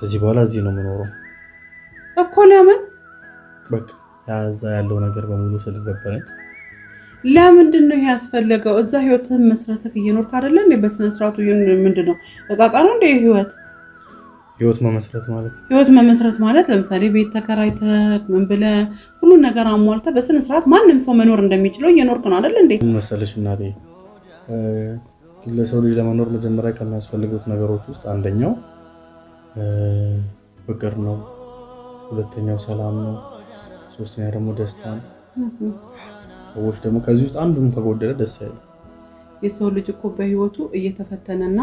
ከዚህ በኋላ እዚህ ነው የምኖረው እኮ። ለምን በቃ ያዛ ያለው ነገር በሙሉ ስለደበረኝ። ለምንድን ነው ያስፈለገው? እዛ ህይወትህን መስረተክ እየኖርክ አይደለ? በስነ ስርዓቱ ምንድን ነው እቃቃ ነው እንደ ህይወት ህይወት መመስረት ማለት ህይወት መመስረት ማለት ለምሳሌ ቤት ተከራይተህ ምን ብለህ ሁሉን ነገር አሟልተህ በስነ ስርዓት ማንም ሰው መኖር እንደሚችለው እየኖርክ ነው አይደል እንዴ? መሰለሽ እናቴ፣ ለሰው ልጅ ለመኖር መጀመሪያ ከሚያስፈልጉት ነገሮች ውስጥ አንደኛው ፍቅር ነው። ሁለተኛው ሰላም ነው። ሶስተኛ ደግሞ ደስታ ነው። ሰዎች ደግሞ ከዚህ ውስጥ አንዱም ከጎደለ ደስ አይልም። የሰው ልጅ እኮ በህይወቱ እየተፈተነና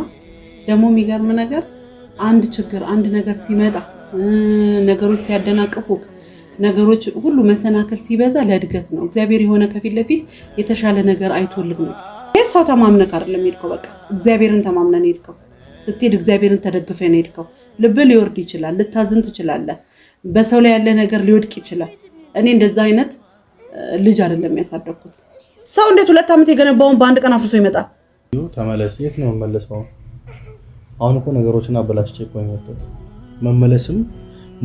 ደግሞ የሚገርም ነገር አንድ ችግር አንድ ነገር ሲመጣ ነገሮች ሲያደናቅፉ ነገሮች ሁሉ መሰናክል ሲበዛ ለእድገት ነው። እግዚአብሔር የሆነ ከፊት ለፊት የተሻለ ነገር አይቶልህ ነው። ሰው ተማምነህ አይደለም የሄድከው፣ በቃ እግዚአብሔርን ተማምነን ሄድከው። ስትሄድ እግዚአብሔርን ተደግፈን ሄድከው። ልብ ሊወርድ ይችላል። ልታዝን ትችላለህ። በሰው ላይ ያለ ነገር ሊወድቅ ይችላል። እኔ እንደዛ አይነት ልጅ አይደለም ያሳደግኩት። ሰው እንዴት ሁለት ዓመት የገነባውን በአንድ ቀን አፍርሶ ይመጣል? ተመለስ። የት ነው መመለሰው? አሁን እኮ ነገሮችን አበላሽቼ እኮ የመጣሁት መመለስም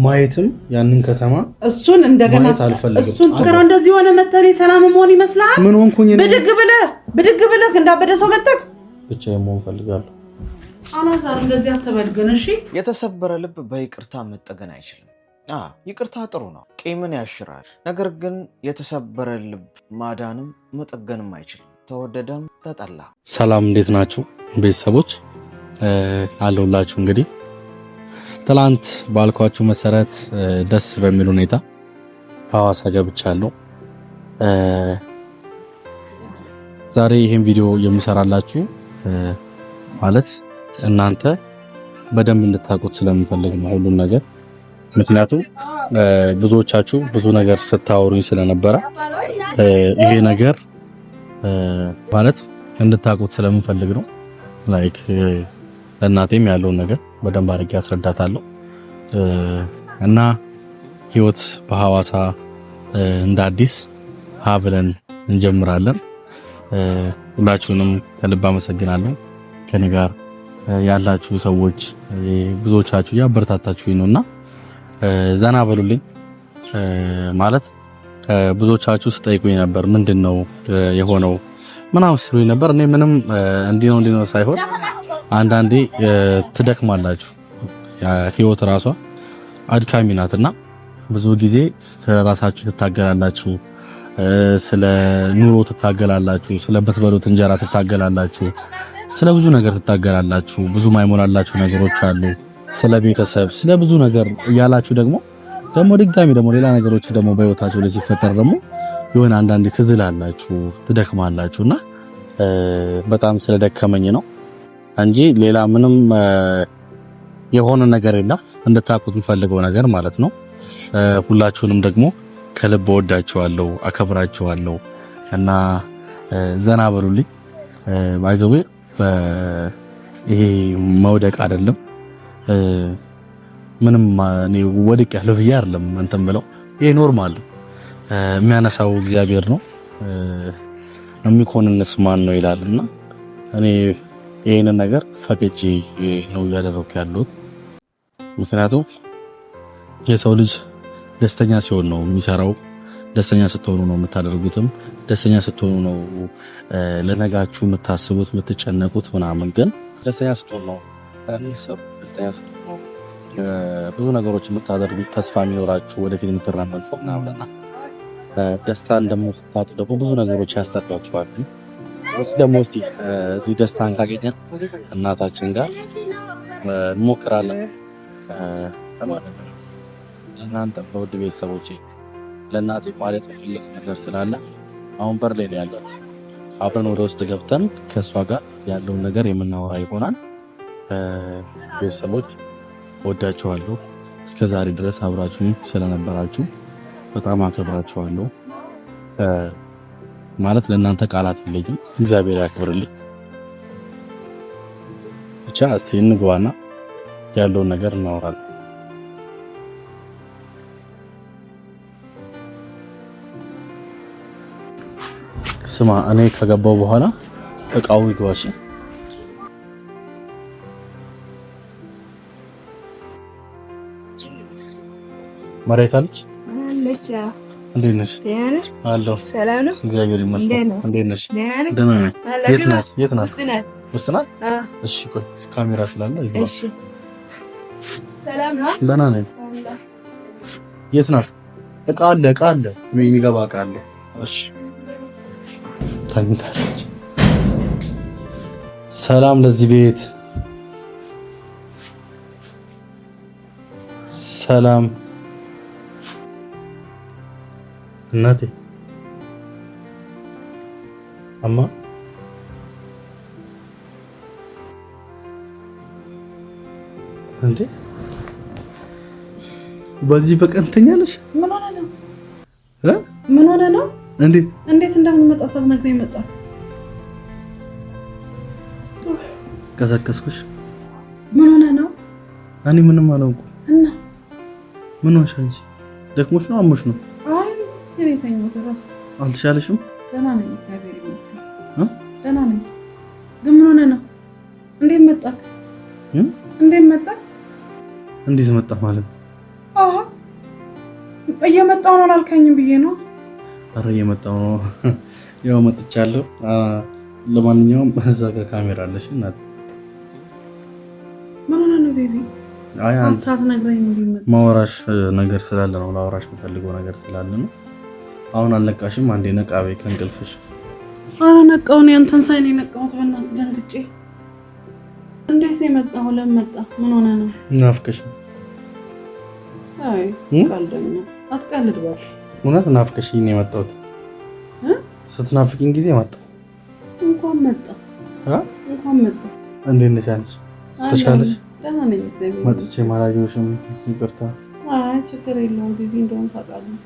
ማየትም ያንን ከተማ እሱን እንደገና እሱን እንደዚህ የሆነ መተኔ ሰላም መሆን ይመስልሃል? ምን ሆንኩኝ? ብድግ ብለህ ብድግ ብለህ እንዳበደ ሰው መጠቅ ብቻ የመሆን ፈልጋለሁ አላዛር እንደዚህ አትበድገን እሺ። የተሰበረ ልብ በይቅርታ መጠገን አይችልም። ይቅርታ ጥሩ ነው፣ ቂምን ያሽራል። ነገር ግን የተሰበረ ልብ ማዳንም መጠገንም አይችልም። ተወደደም ተጠላ። ሰላም እንዴት ናችሁ ቤተሰቦች? አለሁላችሁ። እንግዲህ ትላንት ባልኳችሁ መሰረት ደስ በሚል ሁኔታ ሐዋሳ ገብቻለሁ። ዛሬ ይህን ቪዲዮ የምሰራላችሁ ማለት እናንተ በደንብ እንድታውቁት ስለምፈልግ ነው ሁሉን ነገር። ምክንያቱም ብዙዎቻችሁ ብዙ ነገር ስታወሩኝ ስለነበረ ይሄ ነገር ማለት እንድታውቁት ስለምፈልግ ነው። ላይክ ለእናቴም ያለውን ነገር በደንብ አድርጌ አስረዳታለሁ እና ህይወት በሐዋሳ እንደ አዲስ ሀ ብለን እንጀምራለን። ሁላችሁንም ከልብ አመሰግናለሁ ከኔ ጋር ያላችሁ ሰዎች ብዙዎቻችሁ እያበረታታችሁኝ ነውና ዘና በሉልኝ ማለት ብዙዎቻችሁ ስጠይቁኝ ነበር። ምንድን ነው የሆነው ምናምን ሲሉኝ ነበር። እኔ ምንም እንዲህ ነው እንዲህ ነው ሳይሆን አንዳንዴ ትደክማላችሁ። ህይወት ራሷ አድካሚ ናትና ብዙ ጊዜ ስለራሳችሁ ትታገላላችሁ፣ ስለ ኑሮ ትታገላላችሁ፣ ስለ በትበሉት እንጀራ ትታገላላችሁ። ስለ ብዙ ነገር ትታገላላችሁ። ብዙ ማይሞላላችሁ ነገሮች አሉ። ስለ ቤተሰብ፣ ስለ ብዙ ነገር እያላችሁ ደግሞ ደግሞ ድጋሚ ደግሞ ሌላ ነገሮች ደግሞ በህይወታችሁ ላይ ሲፈጠር ደግሞ የሆነ አንዳንዴ ትዝላላችሁ፣ ትደክማላችሁ እና በጣም ስለደከመኝ ነው እንጂ ሌላ ምንም የሆነ ነገር የለም። እንድታውቁት የምፈልገው ነገር ማለት ነው። ሁላችሁንም ደግሞ ከልብ ወዳችኋለሁ፣ አከብራችኋለሁ እና ዘና በሉልኝ ባይዘዌ ይሄ መውደቅ አይደለም። ምንም እኔ ወድቅ ያለው ብዬ አይደለም እንትን ብለው ይሄ ኖርማል የሚያነሳው እግዚአብሔር ነው። የሚኮንንስ ማን ነው ይላል እና እኔ ይህንን ነገር ፈቅጄ ነው እያደረኩ ያለሁት። ምክንያቱም የሰው ልጅ ደስተኛ ሲሆን ነው የሚሰራው ደስተኛ ስትሆኑ ነው የምታደርጉትም፣ ደስተኛ ስትሆኑ ነው ለነጋችሁ የምታስቡት የምትጨነቁት ምናምን። ግን ደስተኛ ስትሆኑ ነው ደስተኛ ስትሆኑ ነው ብዙ ነገሮች የምታደርጉት፣ ተስፋ የሚኖራችሁ ወደፊት የምትራመዱ ምናምንና ደስታ እንደምታጡ ደግሞ ብዙ ነገሮች ያስጠቃችኋል። እስ ደግሞ ስ እዚህ ደስታን ካገኘን እናታችን ጋር እንሞክራለን ለማለት ነው። እናንተም ቤተሰቦቼ ለእናቴ ማለት የፈለግ ነገር ስላለ አሁን በር ላይ ያለት አብረን ወደ ውስጥ ገብተን ከእሷ ጋር ያለውን ነገር የምናወራ ይሆናል። ቤተሰቦች ወዳችኋለሁ። እስከ ዛሬ ድረስ አብራችሁ ስለነበራችሁ በጣም አከብራችኋለሁ። ማለት ለእናንተ ቃላት የለኝም። እግዚአብሔር ያክብርልኝ። ብቻ እስኪ እንግባና ያለውን ነገር እናወራለን። ስማ፣ እኔ ከገባው በኋላ እቃው ይግባሽ። መሬት አለች አለች። እንዴት ነሽ? አለሁ። ሰላም ነው፣ እግዚአብሔር ይመስገን። እንዴት ነሽ? ደህና ነኝ። የት ናት? የት ናት? ውስጥ ናት። እሺ፣ ቆይ ካሜራ ስላለ ይግባ። ደህና ነኝ። የት ናት? እቃ አለ፣ እቃ አለ፣ የሚገባ እቃ አለ። እሺ ታኝታለች። ሰላም ለዚህ ቤት፣ ሰላም እናቴ። አማ እንዴ በዚህ በቀን ትተኛለሽ? ምን ሆነ ነው? ምን ሆነ ነው? እንዴት እንዴት እንደምንመጣ ሳትነግረኝ መጣ። ቀሰቀስኩሽ? ምን ሆነ ነው? እኔ ምንም አላውቅም። እና ምን ሆንሽ አንቺ? ደክሞሽ ነው? አሞሽ ነው? አይ የተኛሁት እረፍት። አልተሻለሽም? ደህና ነኝ፣ እግዚአብሔር ይመስገን ደህና ነኝ። ግን ምን ሆነ ነው? እንዴት መጣ? እንዴት መጣ? እንዴት መጣ ማለት? አሃ እየመጣሁ ነው አላልከኝም ብዬ ነው አረ እየመጣሁ ነው። ያው መጥቻለሁ። ለማንኛውም እዛ ጋ ካሜራ አለሽ እናት ማወራሽ ነገር ስላለ ነው። ላወራሽ የምፈልገው ነገር ስላለ ነው። አሁን አልነቃሽም? አንዴ ነቃ በይ ከእንቅልፍሽ። አረ ነቃው ነው አንተን ነው ነቃሁት። በእናትህ ደንግጬ። እንዴት ነው የመጣሁ? ለምን መጣ? ምን ሆነ ነው? ናፍቀሽ? አይ ቀልደኛ አትቀልድ እባክሽ እውነት ናፍቀሽኝ ነው የመጣሁት። ስትናፍቂኝ ጊዜ መጣሁ። እንኳን መጣሁ እንኳን መጣ። እንዴት ነሽ አንቺ? ተሻለሽ? መጥቼ ማላገኝሽም ይቅርታ። አይ ችግር የለውም። ጊዜ እንደውም ታውቃለህ፣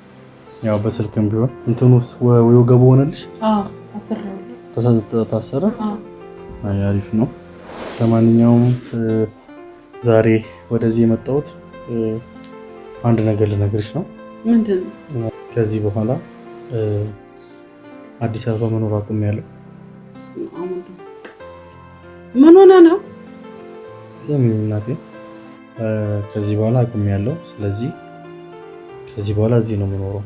ያው በስልክም ቢሆን እንትኑ ወይ ወገቡ ሆነልሽ። ታሰረ። አይ አሪፍ ነው። ለማንኛውም ዛሬ ወደዚህ የመጣሁት አንድ ነገር ልነግርሽ ነው። ምንድን ነው? ከዚህ በኋላ አዲስ አበባ መኖር አቁሜያለሁ። ምን ሆነ ነው ስም እናቴ፣ ከዚህ በኋላ አቁሜያለሁ። ስለዚህ ከዚህ በኋላ እዚህ ነው የምኖረው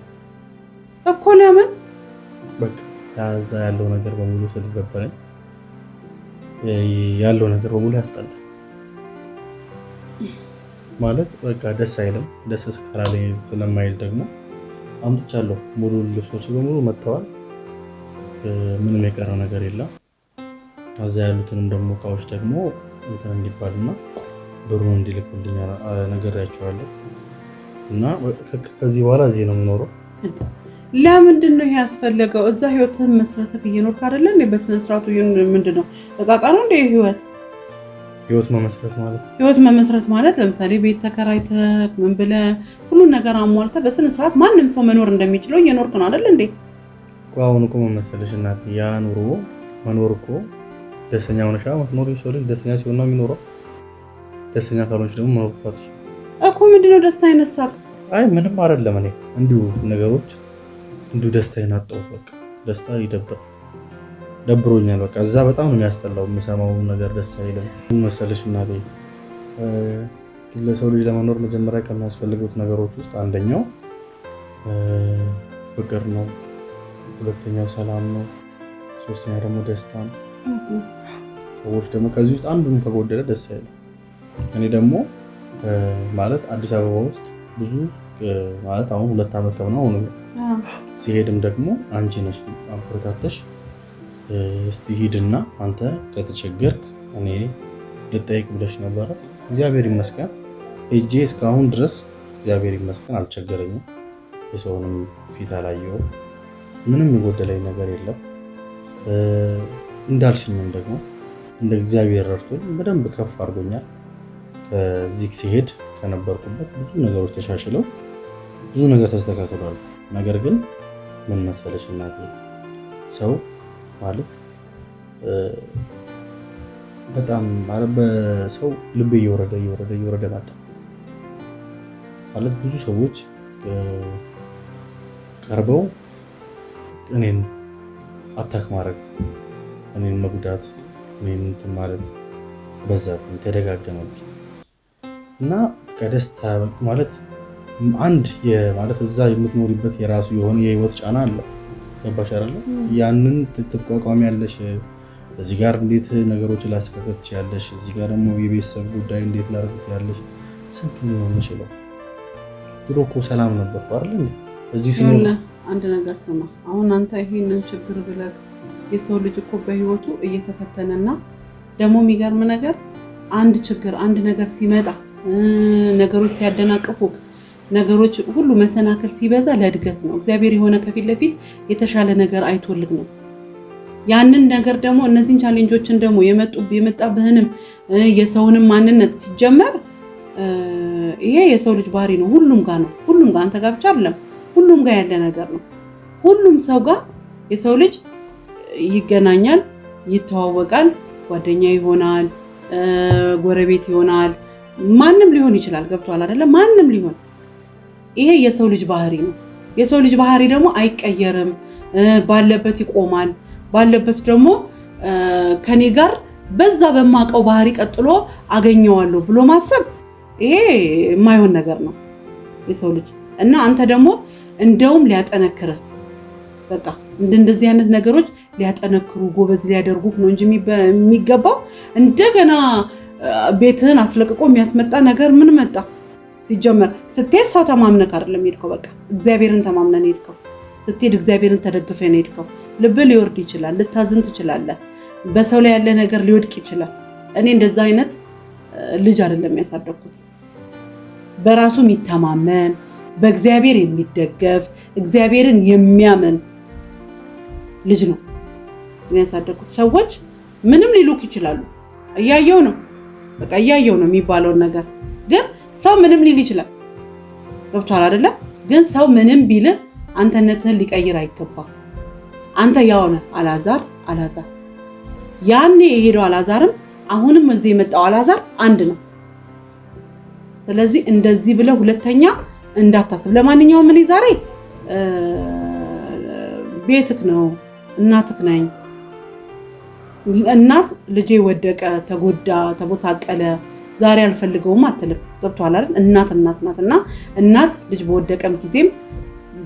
እኮ። ለምን በቃ ያለው ነገር በሙሉ ስለደበረኝ ያለው ነገር በሙሉ ያስጠላል። ማለት በቃ ደስ አይልም። ደስ ስከራለኝ ስለማይል ደግሞ አምጥቻለሁ። ሙሉ ልብሶች በሙሉ መጥተዋል። ምንም የቀረ ነገር የለም። እዛ ያሉትንም ደግሞ እቃዎች ደግሞ እንትን እንዲባልና ብሩን እንዲልኩልኝ ነግሬያቸዋለሁ። እና ከዚህ በኋላ እዚህ ነው የምኖረው። ለምንድን ነው ይሄ ያስፈለገው? እዛ ህይወትህን መስረተህ እየኖርክ አይደለ? በስነስርዓቱ ምንድን ነው እቃቃ ነው እንደ ህይወት ህይወት መመስረት ማለት ህይወት መመስረት ማለት ለምሳሌ ቤት ተከራይተ ምን ብለህ ሁሉን ነገር አሟልተ በስነ ስርዓት ማንም ሰው መኖር እንደሚችለው እየኖርክ ነው አይደል እንዴ? አሁን እኮ መመሰለሽ እናት ያ ኑሮ መኖር እኮ ደስተኛ ሆነሻ መኖር የሰው ልጅ ደስተኛ ሲሆን ነው የሚኖረው። ደስተኛ ካልሆንሽ ደግሞ መኖር ፋት እኮ ምንድነው ደስታ አይነሳት? አይ ምንም አደለም። እኔ እንዲሁ ነገሮች እንዲሁ ደስታ ይናጣው በቃ ደስታ ይደብራል። ደብሮኛል። በቃ እዛ በጣም ነው የሚያስጠላው። የምሰማው ነገር ደስ አይልም። ምን መሰለሽ እናቴ፣ ለሰው ልጅ ለመኖር መጀመሪያ ከሚያስፈልጉት ነገሮች ውስጥ አንደኛው ፍቅር ነው፣ ሁለተኛው ሰላም ነው፣ ሶስተኛው ደግሞ ደስታ ነው። ሰዎች ደግሞ ከዚህ ውስጥ አንዱን ከጎደለ ደስ አይልም። እኔ ደግሞ ማለት አዲስ አበባ ውስጥ ብዙ ማለት አሁን ሁለት ዓመት ከምናምን ሲሄድም ደግሞ አንቺ ነሽ አበረታተሽ እስቲ ሂድና አንተ ከተቸገርክ እኔ ልጠይቅ ብለሽ ነበረ። እግዚአብሔር ይመስገን እጄ እስካሁን ድረስ እግዚአብሔር ይመስገን አልቸገረኝም። የሰውንም ፊት አላየው፣ ምንም የጎደለኝ ነገር የለም። እንዳልሽኝም ደግሞ እንደ እግዚአብሔር ረድቶኝ በደንብ ከፍ አድርጎኛል። ከዚህ ሲሄድ ከነበርኩበት ብዙ ነገሮች ተሻሽለው ብዙ ነገር ተስተካክሏል። ነገር ግን ምን መሰለሽ እናቴ ሰው ማለት በጣም በሰው ልቤ እየወረደ እየወረደ እየወረደ መጣ። ማለት ብዙ ሰዎች ቀርበው እኔን አታክ ማድረግ፣ እኔን መጉዳት፣ እኔን እንትን ማለት በዛብኝ፣ ተደጋገመብኝ እና ከደስታ ማለት አንድ ማለት እዛ የምትኖሪበት የራሱ የሆነ የህይወት ጫና አለው። ገባሻል። ያንን ትቋቋሚ ያለሽ እዚህ ጋር እንዴት ነገሮች ላስከፈት ያለሽ፣ እዚህ ጋር ደግሞ የቤተሰብ ጉዳይ እንዴት ላርግት ያለሽ፣ ስንት ነው የምችለው። ድሮ እኮ ሰላም ነበር አይደል? እዚህ ሲኖር አንድ ነገር ስማ። አሁን አንተ ይሄንን ችግር ብለህ የሰው ልጅ እኮ በህይወቱ እየተፈተነና ደግሞ የሚገርም ነገር አንድ ችግር አንድ ነገር ሲመጣ ነገሮች ሲያደናቅፉ ነገሮች ሁሉ መሰናክል ሲበዛ ለእድገት ነው። እግዚአብሔር የሆነ ከፊት ለፊት የተሻለ ነገር አይቶልግ ነው። ያንን ነገር ደግሞ እነዚህን ቻሌንጆችን ደግሞ የመጣብህንም የሰውንም ማንነት ሲጀመር ይሄ የሰው ልጅ ባህሪ ነው። ሁሉም ጋር ነው። ሁሉም ጋር አንተ ጋር ብቻ አይደለም፣ ሁሉም ጋር ያለ ነገር ነው። ሁሉም ሰው ጋር የሰው ልጅ ይገናኛል፣ ይተዋወቃል፣ ጓደኛ ይሆናል፣ ጎረቤት ይሆናል፣ ማንም ሊሆን ይችላል። ገብቷል አይደለም? ማንም ሊሆን ይሄ የሰው ልጅ ባህሪ ነው። የሰው ልጅ ባህሪ ደግሞ አይቀየርም። ባለበት ይቆማል። ባለበት ደግሞ ከኔ ጋር በዛ በማቀው ባህሪ ቀጥሎ አገኘዋለሁ ብሎ ማሰብ ይሄ የማይሆን ነገር ነው የሰው ልጅ እና አንተ ደግሞ እንደውም ሊያጠነክር በቃ እንደዚህ አይነት ነገሮች ሊያጠነክሩ ጎበዝ ሊያደርጉ ነው እንጂ የሚገባው እንደገና ቤትህን አስለቅቆ የሚያስመጣ ነገር ምን መጣ? ሲጀመር ስትሄድ ሰው ተማምነክ አይደለም ሄድከው። በቃ እግዚአብሔርን ተማምነን ሄድከው። ስትሄድ እግዚአብሔርን ተደግፈን ሄድከው። ልብ ሊወርድ ይችላል። ልታዝን ትችላለህ። በሰው ላይ ያለ ነገር ሊወድቅ ይችላል። እኔ እንደዛ አይነት ልጅ አይደለም ያሳደግኩት። በራሱ የሚተማመን በእግዚአብሔር የሚደገፍ እግዚአብሔርን የሚያምን ልጅ ነው እኔ ያሳደግኩት። ሰዎች ምንም ሊሉክ ይችላሉ። እያየው ነው በቃ እያየው ነው የሚባለውን ነገር ግን ሰው ምንም ሊል ይችላል። ገብቷል አይደለም? ግን ሰው ምንም ቢልህ አንተነትህን ሊቀይር አይገባም። አንተ ያው አላዛር አላዛር። ያኔ የሄደው አላዛርም አሁንም እዚህ የመጣው አላዛር አንድ ነው። ስለዚህ እንደዚህ ብለ ሁለተኛ እንዳታስብ። ለማንኛውም እኔ ዛሬ ቤትክ ነው እናትክ ነኝ። እናት ልጄ ወደቀ፣ ተጎዳ፣ ተቦሳቀለ ዛሬ አልፈልገውም አትልም። ገብቶሃል አይደል? እናት እናት ናት እና እናት ልጅ በወደቀም ጊዜም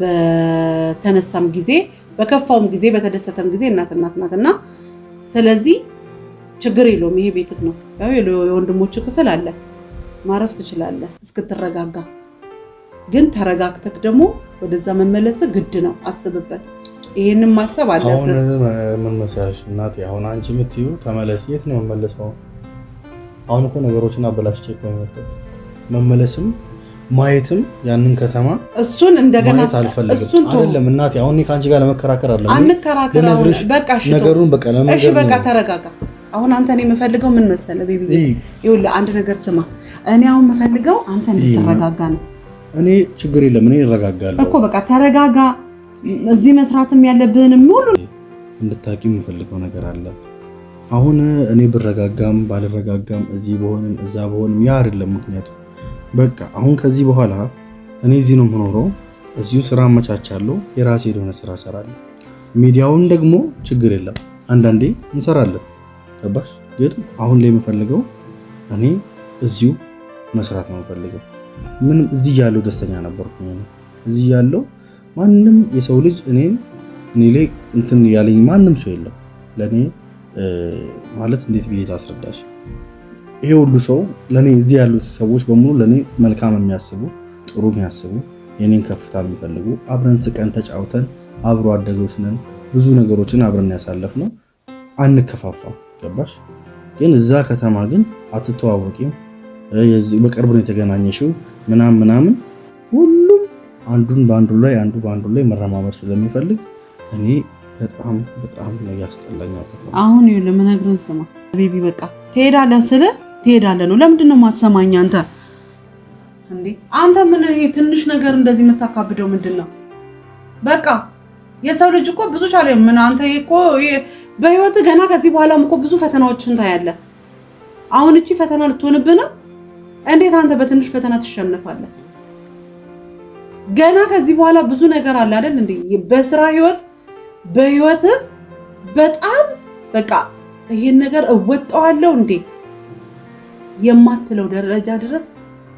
በተነሳም ጊዜ በከፋውም ጊዜ በተደሰተም ጊዜ እናት እናት ናት እና ስለዚህ ችግር የለውም። ይሄ ቤትህ ነው። ያው ክፍል አለ፣ ማረፍ ትችላለህ እስክትረጋጋ። ግን ተረጋግተህ ደግሞ ወደዛ መመለስ ግድ ነው። አስብበት። ይሄንን ማሰብ አለብህ። አሁን ምን መሰለሽ እናቴ፣ አሁን አንቺ የምትዩ ተመለስ። የት ነው የምመለሰው? አሁን እኮ ነገሮችን አበላሽቼ እኮ የመጣሁት መመለስም ማየትም ያንን ከተማ እሱን እንደገና እሱን አይደለም እናቴ፣ አሁን ከአንቺ ጋር ለመከራከር አለ አንከራከር። በቃ እሺ፣ ነገሩን በቃ ለምን እሺ፣ በቃ ተረጋጋ። አሁን አንተ እኔ የምፈልገው ምን መሰለ ቢቢ፣ ይኸውልህ አንድ ነገር ስማ። እኔ አሁን የምፈልገው አንተ እንድትረጋጋ ነው። እኔ ችግር የለም እኔ እረጋጋለሁ እኮ በቃ ተረጋጋ። እዚህ መስራትም ያለብህንም ሁሉ እንድታቂ የምፈልገው ነገር አለ አሁን እኔ ብረጋጋም ባልረጋጋም እዚህ በሆንም እዛ በሆንም ያ አይደለም ምክንያቱ። በቃ አሁን ከዚህ በኋላ እኔ እዚህ ነው የምኖረው። እዚሁ ስራ አመቻቻለሁ። የራሴ የሆነ ስራ እሰራለሁ። ሚዲያውን ደግሞ ችግር የለም አንዳንዴ እንሰራለን። ገባሽ? ግን አሁን ላይ የምፈልገው እኔ እዚሁ መስራት ነው የምፈልገው። ምንም እዚህ ያለው ደስተኛ ነበርኩ። እዚህ ያለው ማንም የሰው ልጅ እኔም እኔ ላይ እንትን ያለኝ ማንም ሰው የለም ለእኔ ማለት እንዴት ብዬ ላስረዳሽ? ይሄ ሁሉ ሰው ለእኔ እዚህ ያሉት ሰዎች በሙሉ ለእኔ መልካም የሚያስቡ ጥሩ የሚያስቡ የኔን ከፍታ የሚፈልጉ አብረን ስቀን ተጫውተን አብሮ አደጎች ነን። ብዙ ነገሮችን አብረን ያሳለፍ ነው። አንከፋፋ ገባሽ? ግን እዛ ከተማ ግን አትተዋወቂም። በቅርብ ነው የተገናኘሽው ምናምን ምናምን። ሁሉም አንዱን በአንዱ ላይ አንዱ በአንዱ ላይ መረማመር ስለሚፈልግ እኔ በጣም በጣም ነው ያስጠላኝ። አሁን ይኸውልህ የምነግርህን ስማ ቤቢ፣ በቃ ትሄዳለህ ስልህ ትሄዳለህ ነው። ለምንድን ነው የማትሰማኝ አንተ? እንዴ አንተ ምን ይሄ ትንሽ ነገር እንደዚህ የምታካብደው ምንድን ነው? በቃ የሰው ልጅ እኮ ብዙ ቻለ። ምን አንተ እኮ በህይወት ገና ከዚህ በኋላም እኮ ብዙ ፈተናዎችን ታያለህ። አሁን እቺ ፈተና ልትሆንብህ ነው። እንዴት አንተ በትንሽ ፈተና ትሸነፋለህ? ገና ከዚህ በኋላ ብዙ ነገር አለ አይደል? እንዴ በስራ ህይወት በህይወት በጣም በቃ ይሄን ነገር እወጣዋለሁ እንዴ የማትለው ደረጃ ድረስ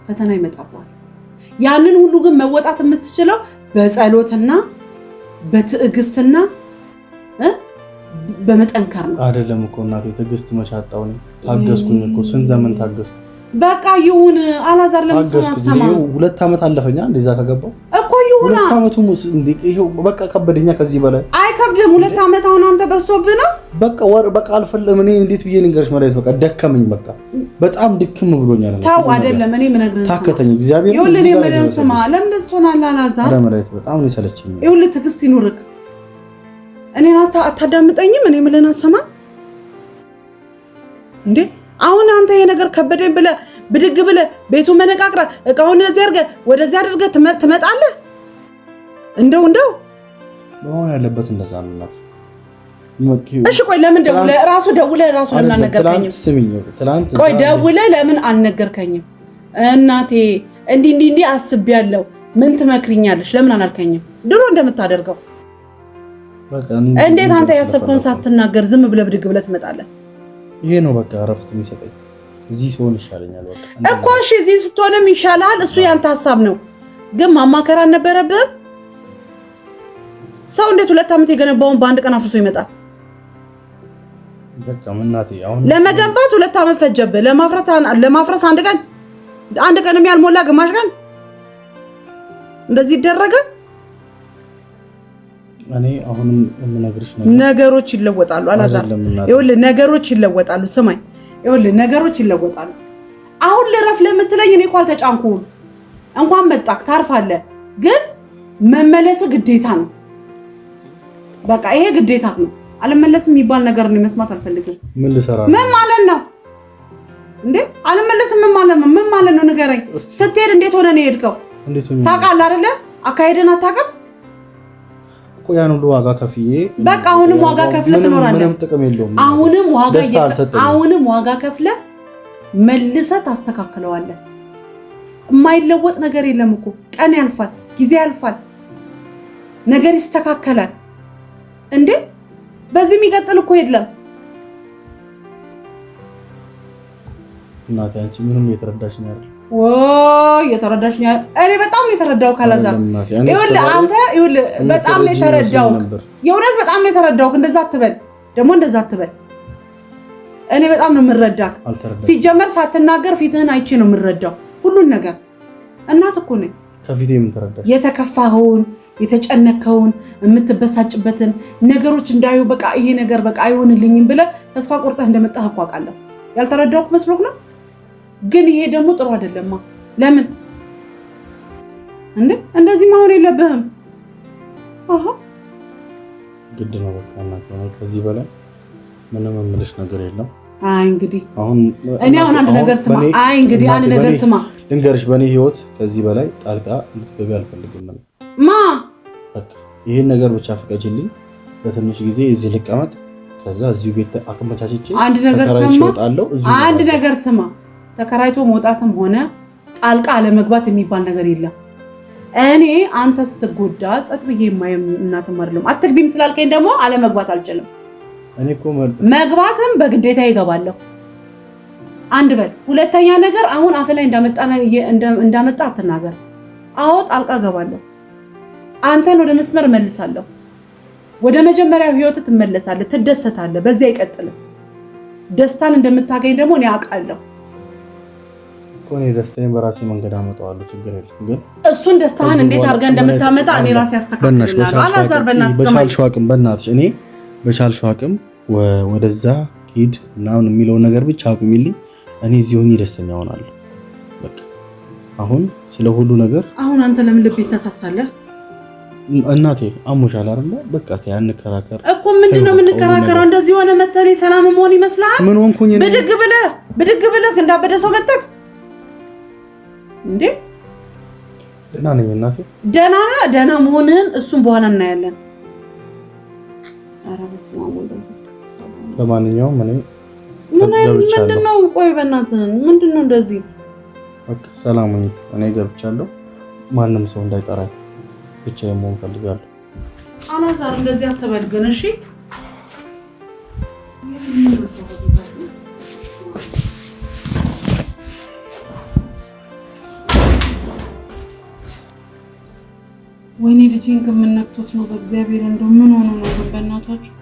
ፈተና ይመጣባል። ያንን ሁሉ ግን መወጣት የምትችለው በጸሎትና በትዕግስትና በመጠንከር ነው። አይደለም እኮ እናቴ ትዕግስት መቻጣው ነው። ታገስኩኝ እኮ ስንት ዘመን ታገስኩ። በቃ ይሁን አላዛር ለምሳሌ አሰማ ሁለት ዓመት አለፈኛ እንደዛ ከገባው እኮ ይሁን ሁለት ዓመቱ በቃ ከበደኛ ከዚህ በላይ አታብድም። ሁለት ዓመት አሁን አንተ በዝቶብህ ነው። በቃ ወር በቃ አልፈለም። እኔ እንዴት ብዬ ልንገርሽ መድኃኒት በቃ ደከመኝ። በቃ በጣም ድክም ብሎኛል። ታው አይደለም እኔ ምነግርህ ታከተኝ። እግዚአብሔር ይሁን እኔ ምንን ስማ፣ ለምን ደስ ትሆናለህ? አላዛር መድኃኒት በጣም ነው የሰለቸኝ። ይሁን ትዕግስት ይኑርክ። እኔን አታዳምጠኝም። እኔ ምልን አሰማ እንዴ አሁን አንተ ይሄ ነገር ከበደኝ ብለህ ብድግ ብለህ ቤቱ መነቃቅረህ እቃውን እዚህ አድርገህ ወደዚህ አድርገህ ትመጣለህ እንደው እንደው መሆን ያለበት እንደዛ ነው እናት። እሺ ቆይ ለምን ደውለ ራሱ ደውለ ራሱ ለምን አልነገርከኝም? ቆይ ደውለ ለምን አልነገርከኝም? እናቴ እንዲህ እንዲህ እንዲህ አስቤያለሁ፣ ምን ትመክሪኛለሽ? ለምን አላልከኝም? ድሮ እንደምታደርገው እንዴት አንተ ያሰብከውን ሳትናገር ዝም ብለህ ብድግ ብለህ ትመጣለህ? ይሄ ነው በቃ እረፍት የሚሰጠኝ። እዚህ ሲሆን ይሻለኛል። በቃ እኮ እሺ፣ እዚህ ስትሆንም ይሻላል እሱ ያንተ ሀሳብ ነው፣ ግን ማማከር አልነበረብህም ሰው እንዴት ሁለት ዓመት የገነባውን በአንድ ቀን አፍርሶ ይመጣል? ለመገንባት ሁለት ዓመት ፈጀብህ፣ ለማፍረስ አንድ ቀን። አንድ ቀንም ያልሞላ ግማሽ ቀን እንደዚህ ይደረገ። እኔ አሁንም የምነግርሽ ነገሮች ይለወጣሉ። አላዛር ይኸውልህ፣ ነገሮች ይለወጣሉ። ስማኝ፣ ይኸውልህ፣ ነገሮች ይለወጣሉ። አሁን ልረፍ ለምትለኝ እኔ እኮ አልተጫንኩም። እንኳን መጣክ ታርፋለህ፣ ግን መመለስ ግዴታ ነው። በቃ ይሄ ግዴታ ነው። አልመለስም የሚባል ነገር ነው መስማት አልፈልግም። ምን ልሰራ ምን ማለት ነው እንዴ? አልመለስም ምን ማለት ነው? ምን ማለት ነው ንገረኝ። ስትሄድ እንዴት ሆነ ነው የሄድከው? ታውቃለህ አይደለ? አካሄደን አታውቅም እኮ ያን ሁሉ ዋጋ ከፍዬ በቃ አሁንም ዋጋ ከፍለህ ትኖራለህ። ምንም ጥቅም የለውም። አሁንም ዋጋ አሁንም ዋጋ ከፍለህ መልሰህ ታስተካክለዋለህ። የማይለወጥ ነገር የለም እኮ ቀን ያልፋል፣ ጊዜ ያልፋል፣ ነገር ይስተካከላል። እንዴ በዚህ የሚቀጥል እኮ የለም። እናቴ አንቺ ምንም እየተረዳሽ ነው ያለው። ኦ እየተረዳሽ ነው ያለው። እኔ በጣም ነው የተረዳው። ካላዛ ይኸውልህ አንተ ይኸውልህ በጣም ነው የተረዳው። የእውነት በጣም ነው የተረዳው። እንደዛ አትበል ደግሞ እንደዛ አትበል። እኔ በጣም ነው የምረዳት። ሲጀመር ሳትናገር ፊትህን አይቼ ነው የምረዳው ሁሉን ነገር። እናት እኮ ነኝ። ከፊቴ ምን ተረዳሽ? የተከፋኸውን የተጨነከውን የምትበሳጭበትን ነገሮች እንዳዩ በቃ ይሄ ነገር በቃ አይሆንልኝም ብለ ተስፋ ቆርጠህ እንደመጣህ እኮ አውቃለሁ። ያልተረዳሁህ መስሎህ ነው። ግን ይሄ ደግሞ ጥሩ አይደለማ። ለምን እንዴ እንደዚህ መሆን የለብህም። አሃ ግድ ነው በቃ ከዚህ በላይ ምንም የምልሽ ነገር የለም። አይ እንግዲህ አሁን እኔ አሁን አንድ ነገር ስማ። አይ እንግዲህ አንድ ነገር ስማ ልንገርሽ፣ በእኔ ህይወት ከዚህ በላይ ጣልቃ እንድትገቢ አልፈልግም። ማ በቃ ይህን ነገር ብቻ ፍቀጅልኝ በትንሽ ጊዜ እዚህ ልቀመጥ፣ ከዛ እዚሁ ቤት አቅመቻችቼ አንድ ነገር ስማ፣ አንድ ነገር ስማ። ተከራይቶ መውጣትም ሆነ ጣልቃ አለመግባት የሚባል ነገር የለም። እኔ አንተ ስትጎዳ ጸጥ ብዬ የማየም እናትም አይደለም። አትግቢም ስላልከኝ ደግሞ አለመግባት አልችልም። መግባትም በግዴታ ይገባለሁ። አንድ በል። ሁለተኛ ነገር አሁን አፍ ላይ እንዳመጣ እንዳመጣ አትናገር። አዎ ጣልቃ እገባለሁ። አንተን ወደ መስመር እመልሳለሁ። ወደ መጀመሪያው ህይወት ትመለሳለህ፣ ትደሰታለህ። በዚያ አይቀጥልም። ደስታን እንደምታገኝ ደግሞ እኔ አውቃለሁ እኮ። እኔ ደስታዬን በራሴ መንገድ አመጣዋለሁ፣ ችግር የለም። ግን እሱን ደስታህን እንዴት አድርገህ እንደምታመጣ እኔ ራሴ አስተካክልልሃለሁ። አላዛር፣ በቻልሽው አቅም በእናትሽ፣ እኔ በቻልሽው አቅም ወደዛ ሂድ ምናምን የሚለውን ነገር ብቻ አቁሚልኝ። እኔ እዚህ ሆኜ ደስተኛ ሆናለሁ። በቃ አሁን ስለ ሁሉ ነገር አሁን አንተ ለምን ልብ ይተሳሳለህ? እናቴ አሞሻል አይደለ? በቃ ተይ አንከራከር እኮ። ምንድን ነው የምንከራከረው? እንደዚህ ሆነ መተለኝ ሰላም መሆን ይመስልሃል? ምን ሆንኩኝ? ብድግ ብለህ ብድግ ብለህ እንዳበደ ሰው መጠቅ እንዴ! ደህና ነኝ እናቴ። ደህና ነህ? ደህና መሆንህን እሱም በኋላ እናያለን። ለማንኛውም እኔ ምንድን ነው ቆይ፣ በእናትህን ምንድን ነው እንደዚህ? ሰላም እኔ ገብቻለሁ። ማንም ሰው እንዳይጠራኝ ብቻ የመሆን ፈልጋለሁ። አላዛር እንደዚህ አተበልገን እሺ። ወይኔ ልጄን ግን ነው? በእግዚአብሔር እንደው ምን ሆኖ ነው ግን በእናታችሁ